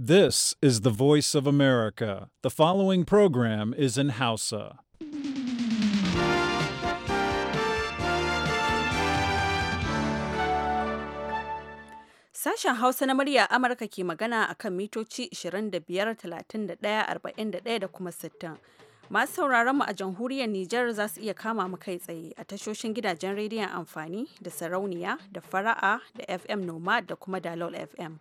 This is the voice of America. The following program is in Hausa. Sashen Hausa na murya Amurka ke magana akan mitoci 25, 31, 41 da kuma 60. Masu sauraron mu a jamhuriyar Nijar za su iya kama mu kai tsaye a tashoshin gidajen rediyon amfani da sarauniya da fara'a da FM Nomad da kuma Dalol FM.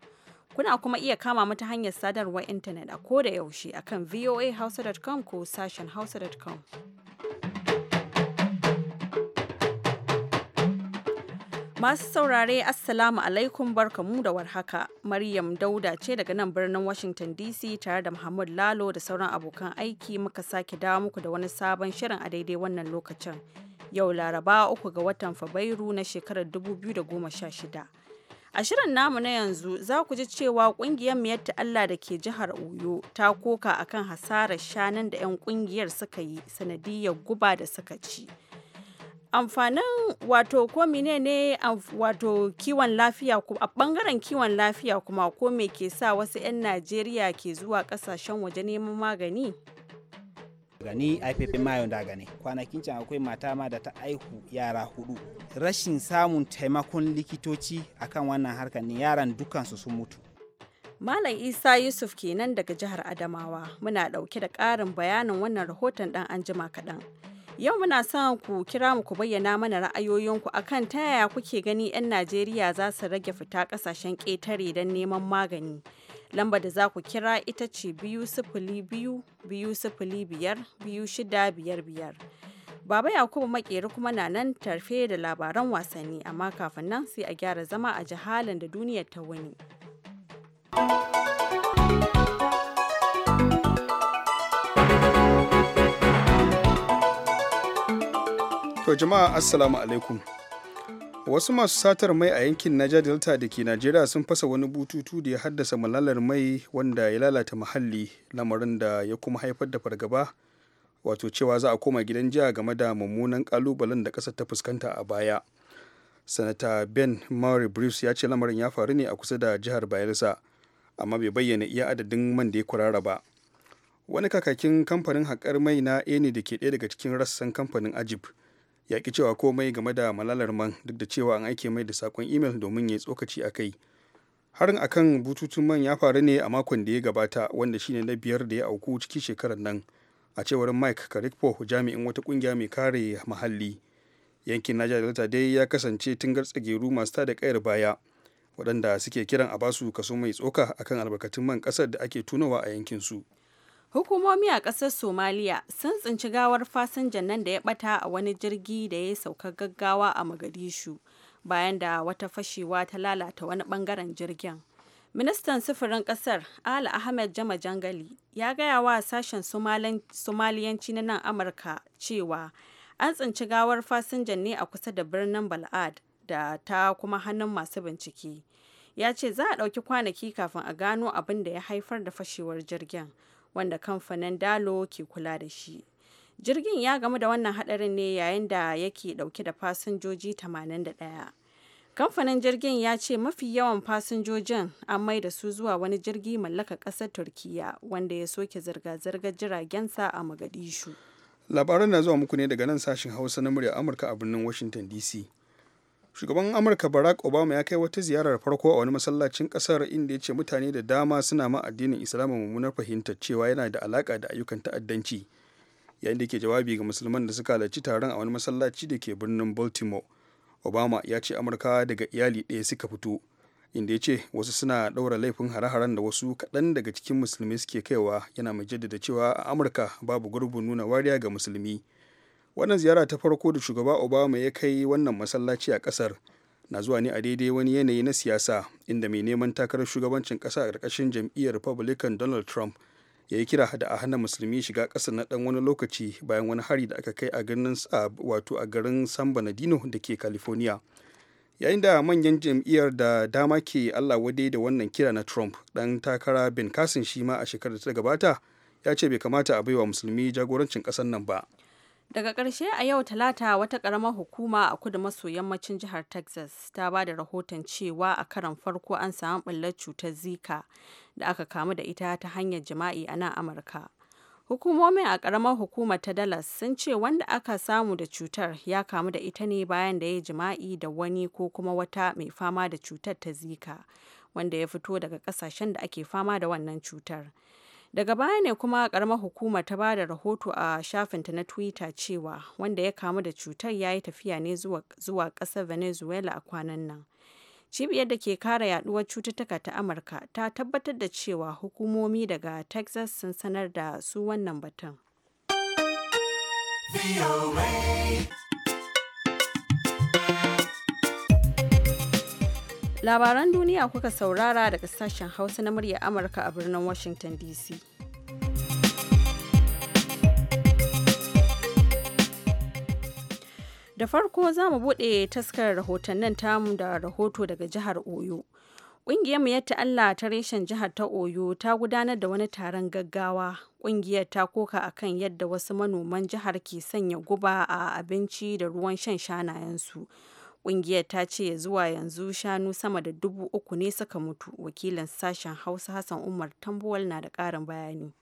Kuna kuma iya kama mu ta hanyar sadarwar intanet a koda yaushe akan voahausa.com ko sashen hausa.com. Masu saurare Assalamu alaikum barkamu da warhaka. Maryam Dauda ce daga nan birnin Washington DC tare da Muhammad Lalo da sauran abokan aiki muka sake dawo muku da wani sabon shirin a daidai wannan lokacin. Yau Laraba uku ga watan Fabairu na shekarar 2016. A shirin namu na yanzu za ku ji cewa kungiyar miyar Allah da ke jihar Oyo ta koka akan hasarar shanan da 'yan kungiyar suka yi sanadiyar guba da suka ci. Amfanin wato ko ne wato kiwon lafiya a bangaren kiwon lafiya kuma ko me ke sa wasu 'yan Najeriya ke zuwa kasashen waje neman magani? gani aifafe mayo da gani kwanakin can akwai mata ma da ta aihu yara hudu rashin samun taimakon likitoci akan wannan harkar ne yaran dukansu sun mutu Malam Isa Yusuf kenan daga jihar Adamawa muna ɗauke da ƙarin bayanin wannan rahoton ɗan anjima kaɗan. Yau muna son ku kira mu ku bayyana mana ra'ayoyinku akan ta yaya kuke gani 'yan Najeriya za su rage fita ƙasashen ƙetare don neman magani. Lambar da za ku kira ita ce biyu sifili biyu biyu sifili biyar biyu shida biyar biyar. Baba Yakubu Makeri kuma na nan tarfe da labaran wasanni amma kafin nan sai a gyara zama a jihalin da duniyar ta wani To jama'a assalamu alaikum. wasu masu satar mai a yankin Niger Delta da ke Najeriya sun fasa wani bututu da ya haddasa malalar mai wanda ya lalata muhalli lamarin da ya kuma haifar da fargaba wato cewa za a koma gidan jiya game da mummunan kalubalen da ƙasar ta fuskanta a baya. Sanata Ben Maury Bruce ya ce lamarin ya faru ne a kusa da jihar Bayelsa amma bai bayyana iya adadin man da ya kurara ba. Wani kakakin kamfanin haƙar mai na Eni da ke ɗaya daga cikin rassan kamfanin Ajib. ya ki cewa komai game da malalar man duk da cewa an aike mai da sakon imel domin ya tsokaci a kai harin akan bututun man ya faru ne a makon da ya gabata wanda shine na biyar da ya auku cikin shekarar nan a cewar mike karikpo jami'in wata kungiya mai kare mahalli yankin naja delta dai ya kasance tungar tsageru masu tada kayar baya waɗanda suke kiran a basu kaso mai tsoka akan albarkatun man ƙasar da ake tunawa a yankin su Hukumomi a ƙasar Somaliya sun tsinci gawar fasinjan nan da ya ɓata a wani jirgi da ya sauka gaggawa a Mogadishu bayan da wata fashewa ta lalata wani ɓangaren jirgin. Ministan sufurin ƙasar Ali Ahmed Jama Jangali ya gaya wa sashen Somaliyanci na nan Amurka cewa an tsinci gawar fasinjan ne a kusa da birnin Bal'ad da ta kuma hannun masu bincike. Ya ce za a ɗauki kwanaki kafin a gano abin da ya haifar da fashewar jirgin. wanda kamfanin Dalo ke kula da shi. Jirgin ya gamu da wannan hadarin ne yayin da yake dauke da fasinjoji 81. Kamfanin jirgin ya ce mafi yawan fasinjojin an mai da su zuwa wani jirgi mallaka ƙasar Turkiya wanda ya soke zirga-zirgar jiragensa a magadishu Labaran na zuwa muku ne daga nan sashen Hausa na murya Amurka a birnin Washington DC. shugaban amurka barack obama ya kai wata ziyarar farko a wani masallacin kasar inda ya ce mutane da dama suna ma addinin islam mummunar fahimtar cewa yana da alaka da ayyukan ta'addanci yayin da ke jawabi ga musulman da suka halarci taron a wani masallaci da ke birnin baltimore obama ya ce amurka daga iyali ɗaya suka fito inda ya ce wasu suna ɗaura laifin hare-haren da wasu kaɗan daga cikin musulmi suke kaiwa yana mai jaddada cewa a amurka babu gurbin nuna wariya ga musulmi wannan ziyara ta farko da shugaba obama ya kai wannan masallaci a kasar na zuwa ne a daidai wani yanayi na siyasa inda mai neman takarar shugabancin kasa a ƙarƙashin jam'iyyar republican donald trump ya yi kira da a hana musulmi shiga ƙasar na ɗan wani lokaci bayan wani hari da aka kai a garin wato a garin san bernardino da ke california yayin da manyan jam'iyyar da dama ke allah wade da wannan kira na trump ɗan takara bin kasin shi ma a shekarar da ta gabata ya ce bai kamata a baiwa musulmi jagorancin ƙasar nan ba Daga ƙarshe a yau Talata wata ƙaramar hukuma a kudu maso yammacin jihar Texas ta ba da rahoton cewa a karon farko an samu ɓullar cutar Zika da aka kamu da ita ta hanyar jima'i a nan Amurka. Hukumomin a ƙaramar hukumar ta Dallas sun ce wanda aka samu da cutar ya kamu da ita ne bayan da ya jima'i da wani ko kuma wata mai fama da cutar ta Zika wanda ya fito daga ƙasashen da ake fama da wannan cutar. daga baya ne kuma karamar hukuma ta bada rahoto a shafinta na twitter cewa wanda ya kamu da cutar ya yi tafiya ne zuwa ƙasar venezuela a kwanan nan cibiyar da ke kare yaduwar cututtuka ta amurka ta tabbatar da cewa hukumomi daga texas sun sanar da su wannan batun. Labaran duniya kuka saurara daga sashen Hausa na murya Amurka a birnin Washington DC. Da farko za mu buɗe taskar rahotannin tamu da rahoto daga jihar Oyo. Ƙungiyar mu yadda Allah ta reshen jihar ta Oyo ta gudanar da wani taron gaggawa. Ƙungiyar ta koka akan yadda wasu manoman jihar ke sanya guba a abinci da ruwan shan shanayensu. Ƙungiyar ta ce zuwa yanzu shanu sama da dubu uku ne suka mutu. Wakilin sashen Hausa Hassan Umar Tambuwal na da ƙarin bayani.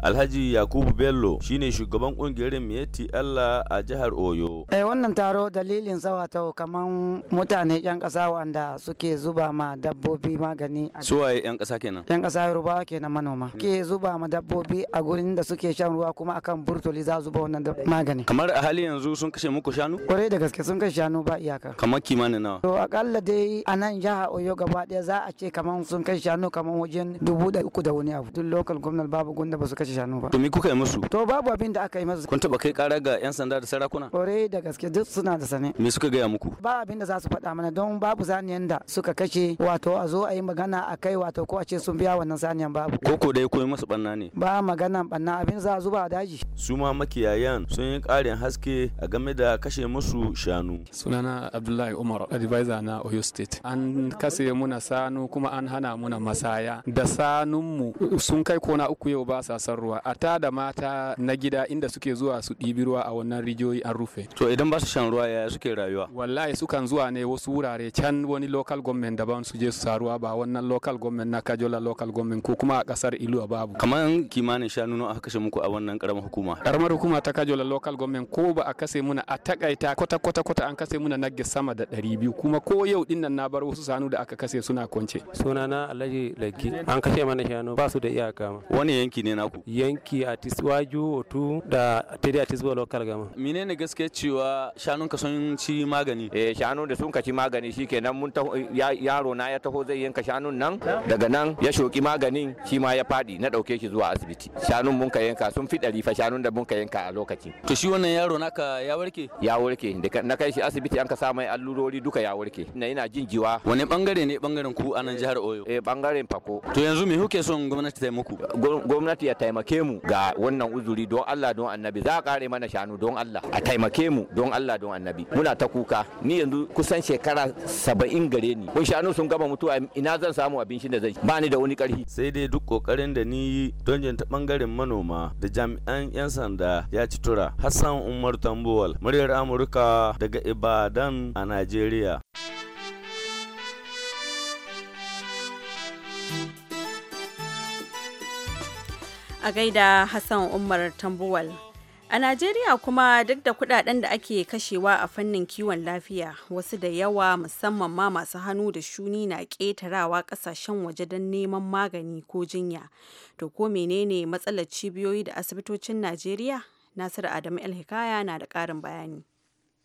Alhaji Yakubu Bello shine shugaban kungiyar Mieti Allah a jihar Oyo. Eh wannan taro dalilin sawa ta kaman mutane yan kasa wanda suke zuba ma dabbobi magani. Suwaye yan kasa kenan? Yan kasa ruba kenan manoma. Hmm. Ke zuba ma dabbobi a gurin da suke shan ruwa kuma akan burtoli za zuba wannan magani. Kamar a hali yanzu sun kashe muku shanu? Kore da gaske sun kashe shanu ba iyaka. Kamar kimanin nawa? To akalla dai a nan jihar Oyo gaba daya za a ce kaman sun kashe shanu kaman wajen dubu da uku da wani abu. Duk local gwamnati babu gunda ba su kashe shanu ba to kuka yi musu to babu abin da aka yi musu kun taba kai kara ga yan sanda da sarakuna kore da gaske duk suna da sane me suka gaya muku ba abin da za su faɗa mana don babu zaniyan da suka kashe wato a zo a yi magana a kai wato ko a ce sun biya wannan saniyan babu koko dai koyi musu banna ne ba magana banna abin za a zuba a daji su ma makiyayan sun yi ƙarin haske a game da kashe musu shanu sunana abdullahi umar advisor na oyo state an kase muna sanu kuma an hana muna masaya da sanunmu sun kai kona uku yau ba sa tafasar ruwa a ta da mata na gida inda suke zuwa su ɗibi ruwa a wannan rijiyoyi an rufe to idan ba su shan ruwa yaya suke rayuwa wallahi sukan zuwa ne wasu wurare can wani local government daban su je su sa ruwa ba wannan local government na kajola local government ko kuma a kasar iluwa babu kamar kimanin shanu nawa aka kashe muku a wannan karamar hukuma karamar hukuma ta kajola local government ko ba a kase muna a takaita kwata kwata kwata an kase muna nagge sama da ɗari biyu kuma ko yau din nan na bar wasu shanu da aka kase suna kwance sunana alhaji Lagi an kashe mana shanu ba su da iyaka wani yanki ne naku yanki a Tiswaju, Otu da Tede a Tisbo local gama. ne gaske cewa shanun ka sun ci magani? Eh shanun da sun ka ci magani shi mun nan yaro na ya taho zai yanka shanun nan daga nan ya shoki maganin shi ma ya fadi na dauke shi zuwa asibiti. Shanun mun ka yanka sun fi ɗari fa shanun da mun ka yanka a lokaci. To shi wannan yaro naka ya warke? Ya warke na kai shi asibiti an ka sa mai allurori duka ya warke. Na ina jin jiwa. Wani bangare ne bangaren ku a nan jihar Oyo? Eh bangaren Fako. To yanzu me kuke son gwamnati ta yi muku? Gwamnati ya taimake mu ga wannan uzuri don Allah don annabi za a kare mana shanu don Allah a taimake mu don Allah don annabi muna ta kuka ni yanzu kusan shekara saba'in gare ni kun shanu sun gama mutuwa ina zan samu abincin da zan ba ni da wani karfi sai dai duk kokarin da ni don janta bangaren manoma da jami'an yan sanda ya ci tura Hassan Umar Tambuwal muryar Amurka daga Ibadan a Najeriya. a gaida Hassan Umar Tambuwal. A Najeriya kuma duk da kudaden da ake kashewa a fannin kiwon lafiya wasu da yawa musamman ma masu hannu da shuni na ƙetarawa ƙasashen waje don neman magani ko jinya. To ko menene matsalar cibiyoyi da asibitocin Najeriya? Nasiru Adamu El Hikaya na da ƙarin bayani.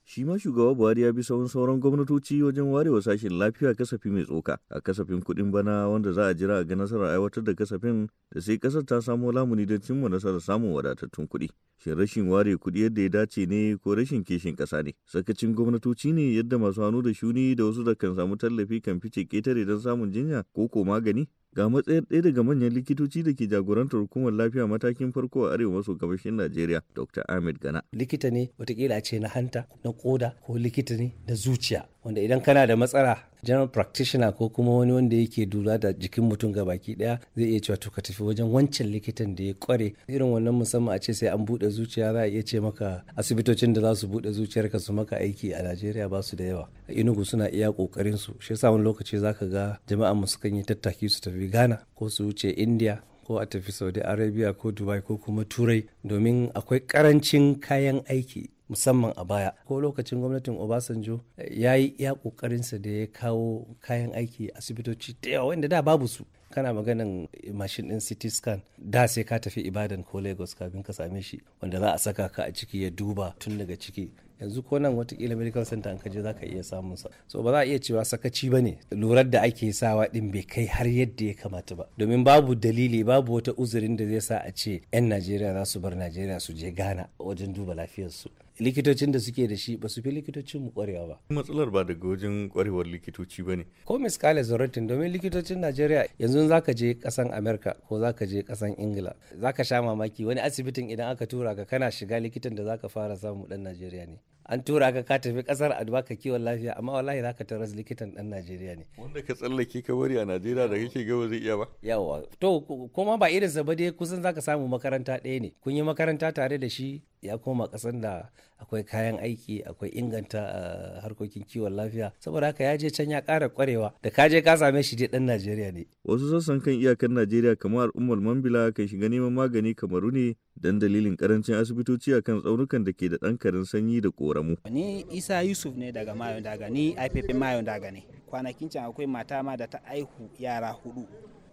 shi ma shugaba buhari ya bi sauran sauran gwamnatoci wajen warewa sashen lafiya kasafi mai tsoka a kasafin kuɗin bana wanda za a jira a ga nasarar aiwatar da kasafin da sai kasar ta samo lamuni don cimma nasarar samun wadatattun kuɗi shin rashin ware kuɗi yadda ya dace ne ko rashin kishin kasa ne sakacin gwamnatoci ne yadda masu hannu da shuni da wasu da kan samu tallafi kan fice ketare don samun jinya ko ko magani Ga matsayar ɗaya daga manyan likitoci da ke jagorantar hukumar lafiya matakin farko a arewa maso gabashin Najeriya, Dr. Ahmed Gana. Likita ne watakila ce na hanta, na koda ko likita ne na zuciya. wanda idan kana da matsala general practitioner ko kuma wani wanda yake dula da jikin mutum ga baki daya zai iya cewa to ka tafi wajen wancan likitan da ya kware irin wannan musamman a ce sai an bude zuciya za a iya ce maka asibitocin da za su bude zuciyarka su maka aiki a Najeriya ba su da yawa inugu suna iya kokarin su shi yasa wani lokaci zaka ga jama'an mu kan yi tattaki su tafi Ghana ko su wuce India ko a tafi saudi arabia ko dubai ko kuma turai domin akwai karancin kayan aiki musamman a baya ko lokacin gwamnatin obasanjo eh, ya yi ya kokarinsa da ya kawo kayan aiki asibitoci da yawa wanda da babu su kana maganan eh, mashin din city scan da sai ka tafi ibadan ko lagos kafin ka same shi wanda za a saka ka a ciki ya duba tun daga ciki yanzu ko nan watakila medical center an kaje za ka iya samun sa so ba za a iya cewa sakaci ba ne lurar da ake sawa din bai kai har yadda ya kamata ba domin babu dalili babu wata uzurin da zai sa a ce 'yan najeriya za su bar najeriya su je ghana wajen duba lafiyar su. likitocin da suke da shi ba su fi likitocin mu kwarewa ba. Matsalar ba daga wajen kwarewar likitoci ba ne. Ko kale zorotin domin likitocin Najeriya yanzu za ka je kasan Amerika ko za ka je kasan Ingila za ka sha mamaki wani asibitin idan aka tura ka kana shiga likitan da za ka fara samu dan Najeriya ne. an tura ka ka tafi kasar a ka kiwon lafiya amma wallahi ka taras likitan dan Najeriya ne wanda ka tsallake ka bari a Najeriya da kake gaba zai iya ba yawa to kuma ba irin sa ba dai kusan zaka samu makaranta ɗaya ne kun yi makaranta tare da shi ya koma kasan da akwai kayan aiki akwai inganta eh, harkokin kiwon lafiya saboda haka ya je can ya kara kwarewa da ka je ka same shi dai dan Najeriya ne wasu sassan kan iyakan Najeriya kamar al'ummar Mambila kan shiga neman magani kamaru ne don dalilin karancin asibitoci a kan tsaunukan da ke da ɗankarin sanyi da ƙoramu. Ni Isa Yusuf ne daga Mayon Daga, ni IPP Mayon Daga ne. Kwanakin can akwai mata ma da ta aihu yara hudu.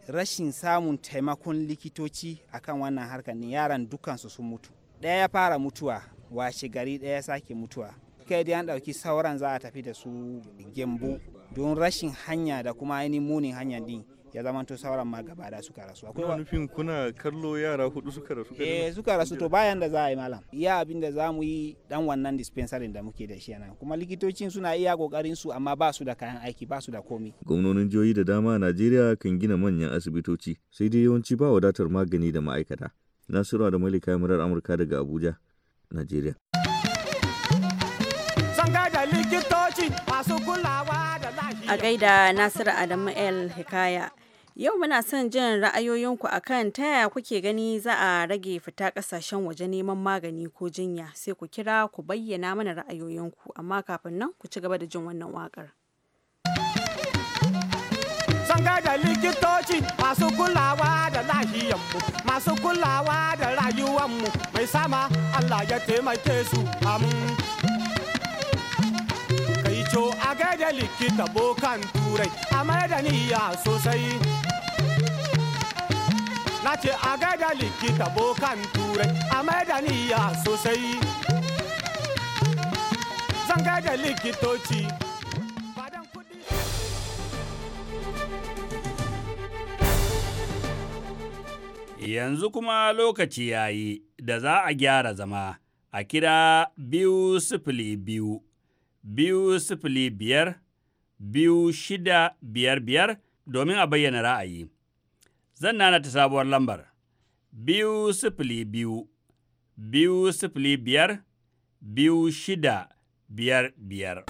Rashin samun taimakon likitoci akan wannan harkar ne yaran dukansu sun mutu. Ɗaya ya fara mutuwa, washe gari ɗaya sake mutuwa. Kai dai an ɗauki sauran za a tafi da su gembu don rashin hanya da kuma ainihin munin hanyar din. ya zamanto sauran ma gaba da suka rasu akwai wani nufin kuna kallo yara hudu suka rasu eh suka rasu to bayan da za a yi malam iya abin da za mu yi dan wannan dispensary da muke da shi nan kuma likitocin suna iya kokarin su amma ba su da kayan aiki ba su da komi gwamnonin jihohi da dama a Najeriya kan gina manyan asibitoci sai dai yawanci ba wadatar magani da ma'aikata Nasiru da Malika Murar Amurka daga Abuja Najeriya likitoci masu A gaida Nasiru Adamu El Hikaya. Yau muna son jin ra'ayoyinku akan ta yaya kuke gani za a rage fita kasashen waje neman magani ko jinya sai ku kira ku bayyana mana ra'ayoyinku amma kafin nan ku ci gaba da jin wannan waƙar. Sanga da likitoci masu kulawa da lahiyanmu masu kulawa da rayuwanmu mai sama Allah ya taimake su amin. to a gaida likita bokan turai a niyya sosai na ce a gaida likita bokan turai a maida niyya sosai zan gaida likitoci Yanzu kuma lokaci ya yi da za a gyara zama a kira biyu sifili biyu, biyu sifili biyar, biyu shida biyar biyar domin a bayyana ra'ayi. Zan nana ta sabuwar lambar biyu sifili biyu, biyu sifili biyar, biyu shida biyar biyar.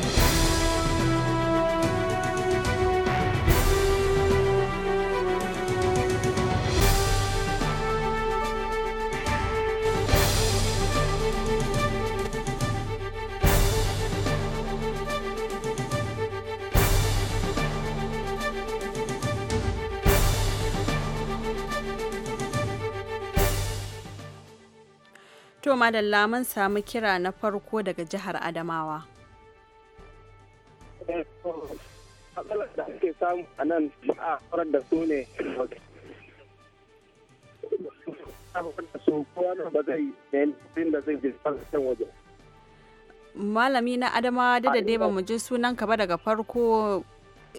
madalla mun samu kira na farko daga jihar Adamawa. Malami na Adamawa da dai ba mu ji sunan ka ba daga farko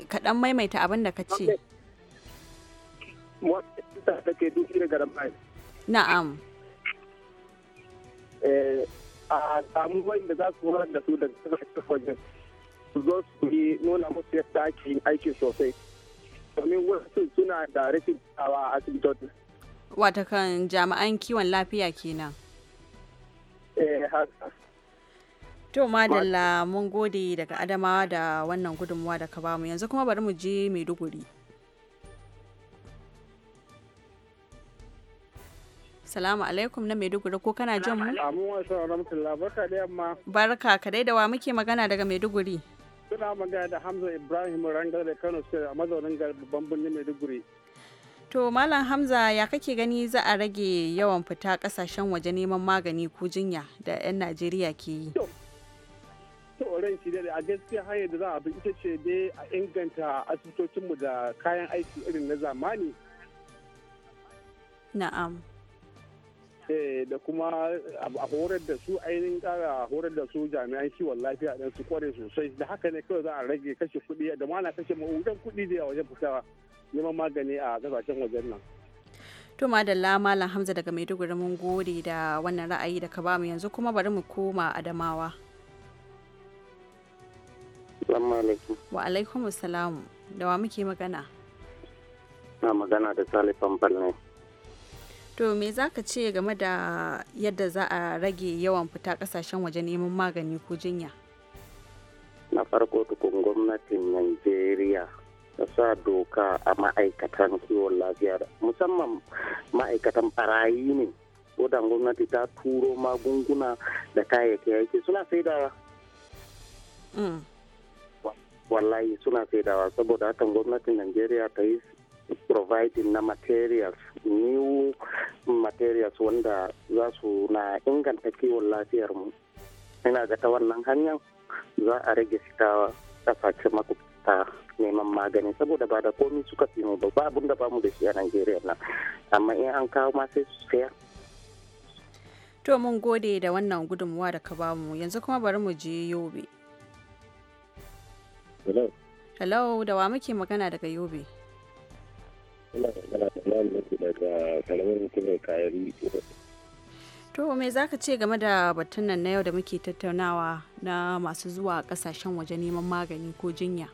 kaɗan maimaita abin da ka ce. Na'am. Eh, a samu wanda za su horar da su daga kasashen wajen su zo su yi nuna musu yadda ake yin aiki sosai domin wasu suna da rashin a asibitoci. Watakan jami'an kiwon lafiya kenan. Eh, to madalla mun gode daga Adamawa da wannan gudunmuwa da ka bamu yanzu kuma bari mu je Maiduguri. Salamu alaikum na Maiduguri ko kana jin mu? Amu wasu rahmatullah barka da yamma. Barka ka da wa muke magana daga Maiduguri. Suna magana da Hamza Ibrahim Rangar da Kano State a mazaunin babban birnin Maiduguri. To Malam Hamza ya kake gani za a rage yawan fita kasashen waje neman magani ko jinya da 'yan Najeriya ke yi? To shi dai a gaskiya hanyar da za a bi ita ce dai a inganta asibitocinmu da kayan aiki irin na zamani. Na'am. Eh, da kuma a horar da su ainihin kara a horar da su jami'an kiwon lafiya ɗin su kware sosai da haka ne kawai za a rage kashe kuɗi da mana kashe ma'ungan kuɗi da wajen fita neman magani a kasashen wajen nan. To madalla Malam Hamza daga Maiduguri mun gode da wannan ra'ayi da ka mu yanzu kuma bari mu koma Adamawa. Wa alaikum salamu da wa muke magana? Na magana da Salifan balne. To me za ka ce game da yadda za a rage yawan fita kasashen waje neman magani ko jinya? Na farko tukun gwamnatin Najeriya ta sa doka a ma'aikatan kiwon lafiya musamman ma'aikatan barayi ne. Kodan gwamnati ta turo magunguna da kayayyaki suna saidawa. Mm. Wallahi suna saidawa saboda hakan gwamnatin Najeriya ta yi providing na materials new materials wanda za su na inganta kiwon lafiyarmu ina ga ta wannan hanyar za a rage fita kasashe makwabta neman magani saboda ba da komi suka fi mu ba abin da bamu da shi a nigeria nan amma in an kawo ma sai su saya to mun gode da wannan gudunmuwa da ka bamu yanzu kuma bari mu je yobe hello hello da wa muke magana daga yobe daga hukumar To me za ka ce game da batun nan na yau da muke tattaunawa na masu zuwa kasashen waje neman magani ko jinya?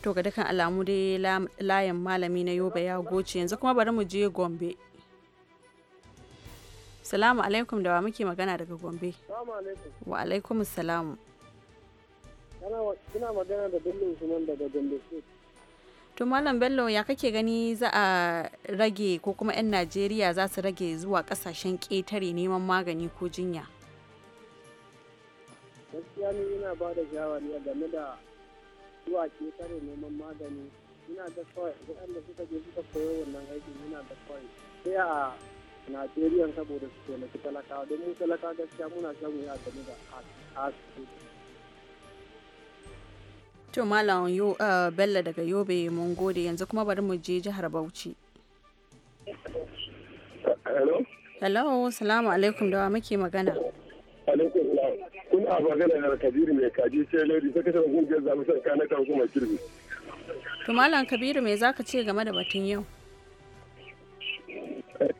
To ga dukkan alamu dai layin malami na Yoba ya goce yanzu kuma bari mu je Gombe Salamu alaikum da wa muke magana daga Gombe. Wa alaikum salamu. Kina magana da Bello Usman daga Gombe To Malam Bello ya kake gani za a rage ko kuma 'yan Najeriya za su rage zuwa kasashen ƙetare neman magani ko jinya? Gaskiya ni ina ba da shawari game da zuwa ƙetare neman magani. Ina da kawai, waɗanda suka je suka koyo wannan aikin ina da kawai. Sai a Najeriya saboda su taimaki talakawa don mu talakawa gaskiya muna shagun ya game da asibiti. To Malam eh, Bello daga Yobe mun gode yanzu kuma bari mu je jihar Bauchi. Hello. Hello, salamu alaikum da muke magana. Alaikum salam. a magana na Kabiru mai kaji sai lori sai kasar gungiyar zamu sarka kana kan kuma kirbi. To Malam Kabiru me zaka ce game da batun yau?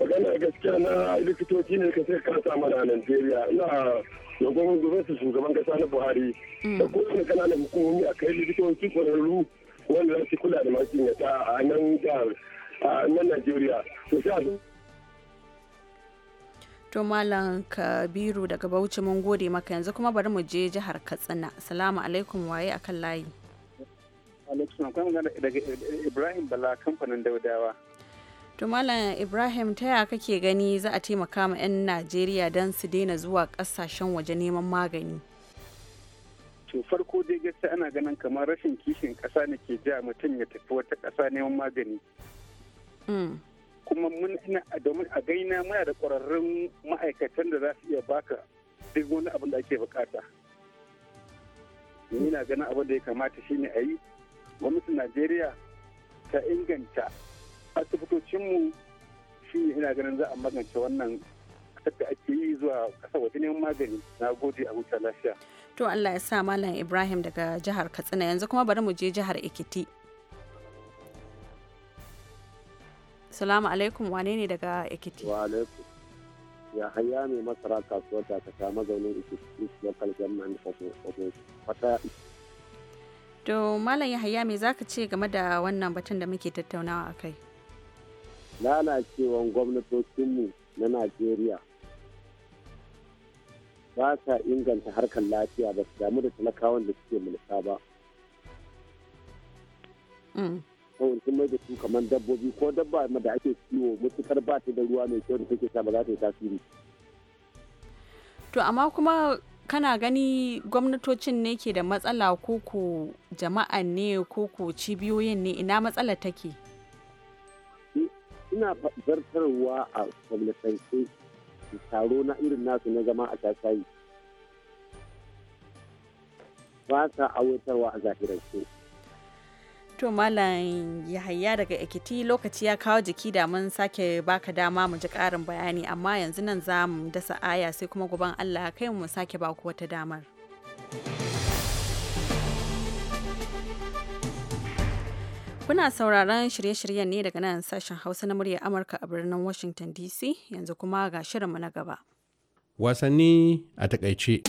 magana gaskiya na likitoci ne ka sai kasa mana a Najeriya ina gobe su shugaban kasa na Buhari da mm. kowane kananan hukumomi a kai likitoci kwararru wanda za su kula da masu yata a nan jihar a nan Najeriya to sai Malam Kabiru daga Bauchi mun gode maka yanzu kuma bari mu je jihar Katsina. Salamu alaikum waye akan layi. Alaikum daga Ibrahim Bala kamfanin Daudawa. To Malam Ibrahim ta ya kake gani za a taimaka ma 'yan Najeriya don su daina zuwa kasashen waje neman magani? To farko dai gaskiya ana ganin kamar rashin kishin kasa ne ke ja mutum ya tafi wata kasa neman magani. Hmm. Kuma mun domin a gaina muna da ƙwararrun ma'aikatan da za su iya baka duk wani abin da ake bukata. Ni na ganin abin da ya kamata shine a yi. Gwamnatin Najeriya ta inganta asibitocinmu shi ne ina ganin za a magance wannan kasar da ake yi zuwa kasa waje neman magani na gode a huta lafiya to Allah ya sa malam Ibrahim daga jihar Katsina yanzu kuma bari mu je jihar Ekiti Salamu alaikum wane ne daga Ekiti wa alaikum ya haya ne masara kasuwar da ta kama zaune Ekiti local government fata to malam ya hayya me zaka ce game da wannan batun da muke tattaunawa a kai. lalacewan gwamnatocinmu na najeriya ba sa inganta harkar lafiya ba su damu da talakawan da suke mulka ba mm. kawai sun mai da su kamar dabbobi ko dabba da ake kiwo mutukar ba ta da ruwa mai kyau da take sa ba za ta yi tasiri to amma kuma kana gani gwamnatocin ne ke da matsala ko jama'a ne ko cibiyoyin ne ina matsala take suna zartarwa a gwamnatance taro na irin nasu na zama a shashayi ba sa awatarwa a zahirarsu to malam yahaya daga ekiti lokaci ya kawo jiki da mun sake baka dama mu ji karin bayani amma yanzu nan za mu dasa aya sai kuma guban allah kai mu sake baku wata damar Kuna sauraron shirye-shiryen ne daga nan sashen Hausa na muryar Amurka a birnin Washington DC yanzu kuma ga shirinmu na gaba. Wasanni a takaice.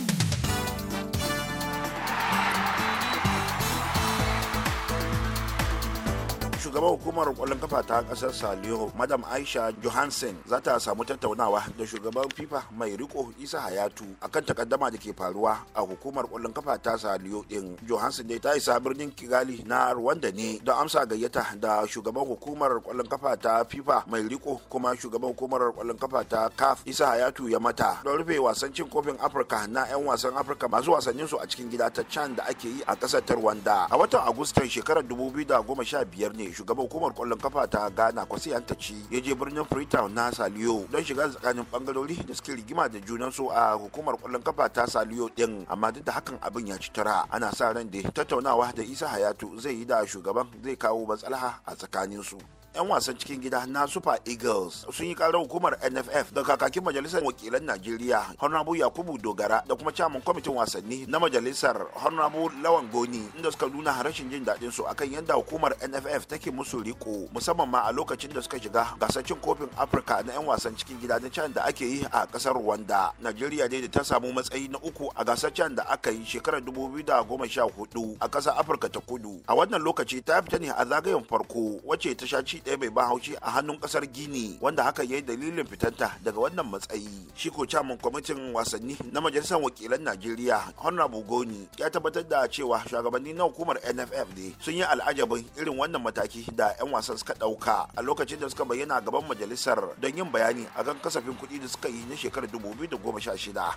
shugaban hukumar kwallon kafa ta kasar saliyo madam aisha johansen za ta samu tattaunawa da shugaban fifa mai riko isa hayatu akan takaddama da ke faruwa a hukumar kwallon kafa ta saliyo din johansen dai ta isa birnin kigali na rwanda ne don amsa gayyata da shugaban hukumar kwallon kafa ta fifa mai riko kuma shugaban hukumar kwallon kafa ta caf isa hayatu ya mata don rufe wasan cin kofin afirka na 'yan wasan afirka masu wasannin su a cikin gida ta can da ake yi a kasar ta rwanda a watan agustan shekarar 2015 ne shugaban hukumar kwallon kafa ta ghana kwasi antaci ya je birnin freetown na saliyo don shiga tsakanin bangarori da suke rigima da junan su a hukumar kwallon kafa ta saliyo din amma duk da hakan abin ya ci tara ana sa ran da tattaunawa da isa hayatu zai yi da shugaban zai kawo matsalaha a tsakanin su 'yan wasan cikin gida na Super Eagles sun yi karar hukumar NFF da kakakin majalisar wakilan Najeriya Honorable Yakubu Dogara da kuma chairman kwamitin wasanni na majalisar Honorable Lawan Goni inda suka nuna rashin jin daɗin su akan yadda hukumar NFF take musu riko musamman ma a lokacin da suka shiga gasar kofin Afirka na 'yan wasan cikin gida na can da ake yi a kasar Rwanda. Najeriya dai da ta samu matsayi na uku a gasar can da aka yi shekarar da goma sha hudu a kasar Afirka ta Kudu. A wannan lokaci ta fita ne a zagayen farko wacce ta sha daya bai ba haushi a hannun ƙasar gini wanda haka ya yi dalilin fitanta daga wannan matsayi shi ko caman kwamitin wasanni na majalisar wakilan najeriya honorable goni ya tabbatar da cewa shugabanni na hukumar nff ne sun yi al'ajabin irin wannan mataki da 'yan wasan suka ɗauka a lokacin da suka bayyana gaban majalisar don yin bayani akan kasafin kuɗi da suka yi na shekarar 2016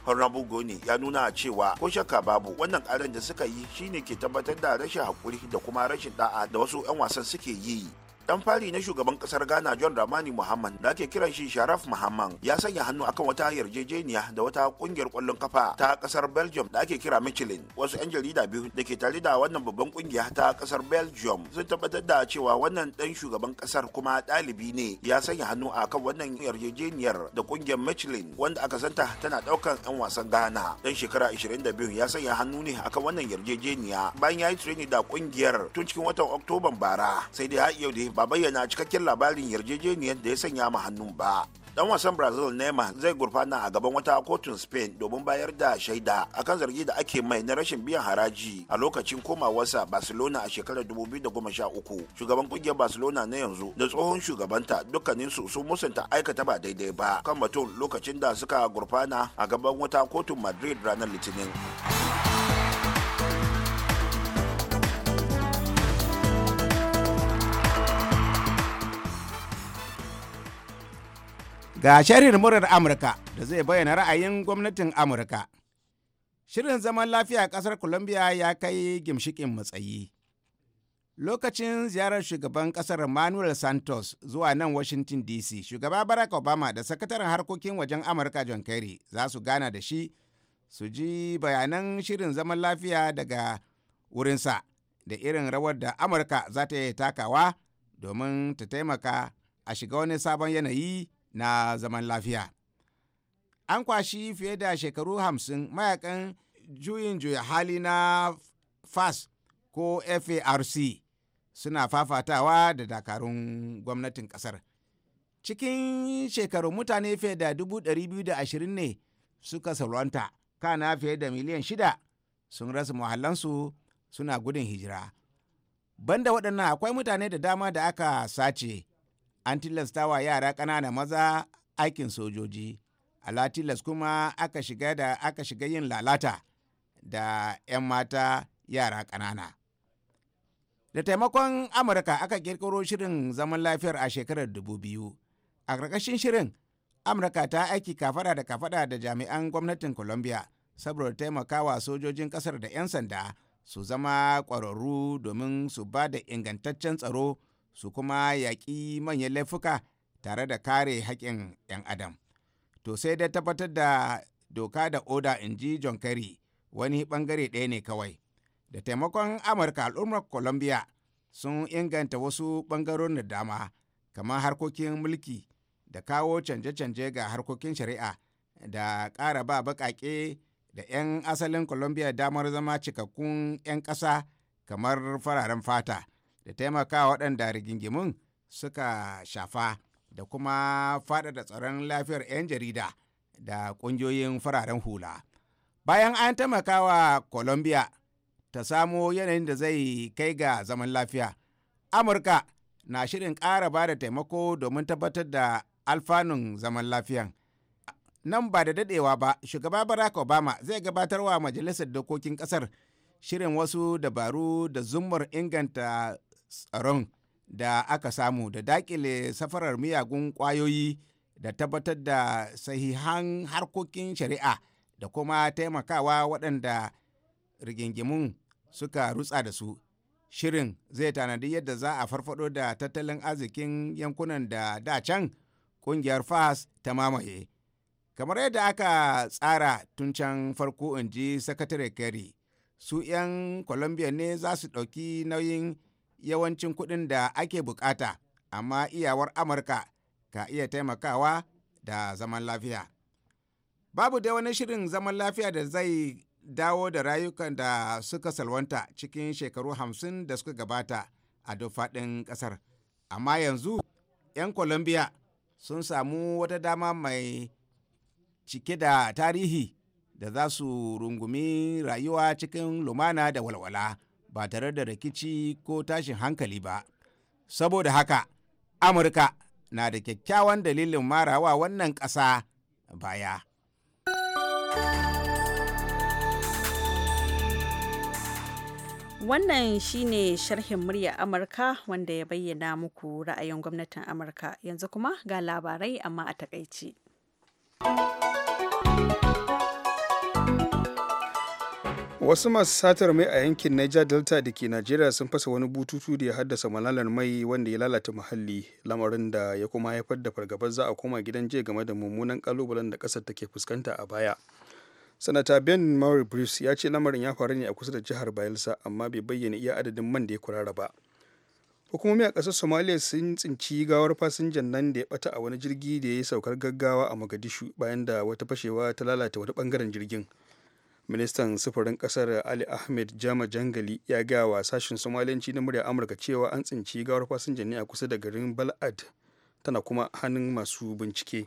honorable goni ya nuna cewa ko shakka babu wannan ƙarin da suka yi shine ke tabbatar da rashin hakuri da kuma rashin da'a da wasu 'yan wasan suke yi dan fari na shugaban kasar ghana john ramani muhammad da ake kiran shi sharaf muhammad ya sanya hannu akan wata yarjejeniya da wata kungiyar kwallon kafa ta kasar belgium da ake kira michelin wasu yan jarida biyu da ke tare da wannan babban kungiya ta kasar belgium sun tabbatar da cewa wannan dan shugaban kasar kuma ɗalibi ne ya sanya hannu akan wannan yarjejeniyar da kungiyar michelin wanda aka santa tana daukan yan wasan ghana dan shekara 22 ya sanya hannu ne akan wannan yarjejeniya bayan ya yi training da kungiyar tun cikin watan oktoban bara sai dai har iya da ba bayyana cikakken labarin yarjejeniyar da ya sanya ma hannun ba dan wasan brazil neymar zai gurfana a gaban wata kotun spain domin bayar da shaida akan zargi da ake mai na rashin biyan haraji a lokacin komawarsa barcelona a shekarar 2013 shugaban kungiyar barcelona na yanzu da tsohon shugabanta dukkaninsu sun musanta aikata ba daidai ba kan batun lokacin da suka gurfana a gaban wata kotun madrid ranar litinin Ga sharhin murar Amurka da zai bayyana ra'ayin gwamnatin Amurka. Shirin zaman lafiya a ƙasar Colombia ya kai gimshikin matsayi. Lokacin ziyarar shugaban kasar Manuel Santos zuwa nan Washington DC, shugaba Barack Obama da sakataren harkokin wajen Amurka John Kerry za su gana da shi su ji bayanan shirin zaman lafiya daga wurinsa da irin rawar da Amurka za ta yi takawa domin ta taimaka a shiga wani sabon yanayi na zaman lafiya an kwashi fiye da shekaru hamsin mayakan juyin juya hali na fas ko farc suna fafatawa da dakarun gwamnatin kasar cikin shekaru mutane fiye da ashirin ne suka salwanta kana fiye da miliyan shida sun rasa muhallansu suna gudun hijira banda waɗannan akwai mutane da dama da aka sace an tilasta wa yara ƙanana maza aikin sojoji ala tilas kuma aka shiga da aka shiga yin lalata da 'yan mata yara ƙanana da taimakon amurka aka kirkiro shirin zaman lafiyar a shekarar 2000 a ƙarƙashin shirin amurka ta aiki kafada da kafada da jami'an gwamnatin colombia saboda taimakawa sojojin ƙasar da 'yan sanda su zama ƙwararru domin su ba da ingantaccen tsaro su kuma yaƙi manyan laifuka tare da kare haƙƙin 'yan adam to sai dai tabbatar da doka da oda in ji john kerry wani ɓangare ɗaya ne kawai da taimakon amurka al'ummar colombia sun inganta wasu ɓangarorin da dama kamar harkokin mulki da kawo canje-canje ga harkokin shari'a da ƙara ba baƙaƙe da 'yan asalin colombia damar zama cikakkun 'yan ƙasa kamar fararen fata da taimaka waɗanda rigingimun suka shafa da kuma faɗaɗa tsaron lafiyar 'yan jarida da ƙungiyoyin fararen hula. Bayan an taimaka wa Colombia ta samo yanayin da zai kai ga zaman lafiya, Amurka na shirin ƙara ba da taimako domin tabbatar da alfanun zaman lafiyan. Nan ba da daɗewa ba, shugaba Barack Obama zai gabatar wa Majalisar Dokokin ƙasar shirin wasu dabaru da zumar inganta tsaron da aka samu da dakile safarar miyagun kwayoyi da tabbatar da sahihan harkokin shari'a da kuma taimakawa waɗanda rigingimun suka rutsa da su shirin zai tanadi yadda za a farfado da tattalin arzikin yankunan da da can kungiyar fas ta mamaye kamar yadda aka tsara tun can farko in ji sakatare kari su 'yan colombia ne za su ɗauki nauyin yawancin kuɗin da ake bukata, amma iyawar Amurka ka iya taimakawa da zaman lafiya. Babu dai wani shirin zaman lafiya da zai dawo da rayukan da suka salwanta cikin shekaru hamsin da suka gabata a duk faɗin ƙasar. Amma yanzu, 'yan Colombia sun samu wata dama mai cike da tarihi da za su rungumi rayuwa cikin lumana da walwala. ba tare da rikici ko tashin hankali ba saboda haka amurka na da kyakkyawan dalilin marawa wannan ƙasa baya Wannan shi ne sharhin murya Amurka wanda ya bayyana muku ra'ayin gwamnatin Amurka. Yanzu kuma ga labarai amma a takaici. wasu masu satar mai a yankin niger delta da ke nigeria sun fasa wani bututu da ya haddasa malalar mai wanda ya lalata muhalli lamarin da ya kuma haifar da fargabar za a koma gidan jiya game da mummunan kalubalen da kasar take fuskanta a baya sanata ben maury bruce ya ce lamarin ya faru ne a kusa da jihar bayelsa amma bai bayyana iya adadin man da ya kurara ba hukumomi a kasar somalia sun tsinci gawar fasinjan nan da ya bata a wani jirgi da ya yi saukar gaggawa a mogadishu bayan da wata fashewa ta lalata wani bangaren jirgin ministan sufurin kasar ali ahmed jama jangali ya gaya wa sashen somalianci na murya amurka cewa an tsinci gawar fasinjan ne a kusa da garin balad tana kuma hannun masu bincike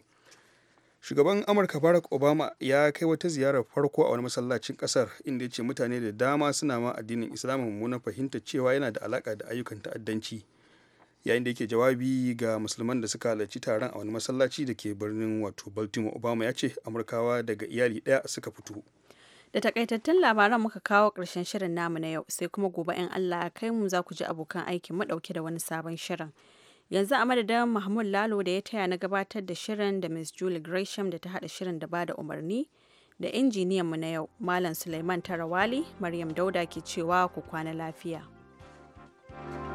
shugaban amurka barack obama ya kai wata ziyarar farko a wani masallacin kasar inda ya ce mutane da dama suna ma addinin islam mummunan fahimta cewa yana da alaka da ayyukan ta'addanci yayin da yake jawabi ga musulman da suka halarci taron a wani masallaci da ke birnin wato baltimore obama ya ce amurkawa daga iyali daya suka fito Da takaitattun labaran muka kawo ƙarshen shirin namu na yau sai kuma gobe in Allah ya kai mu za ku ji abokan aikin madauke da wani sabon shirin. Yanzu a madadin Mahmud Lalo da ya taya na gabatar da shirin da Miss Julie Gresham da ta hada shirin da bada umarni da injiniyan mu na yau Malam Suleiman Tarawali Maryam Dauda ke cewa ku kwana lafiya. thank you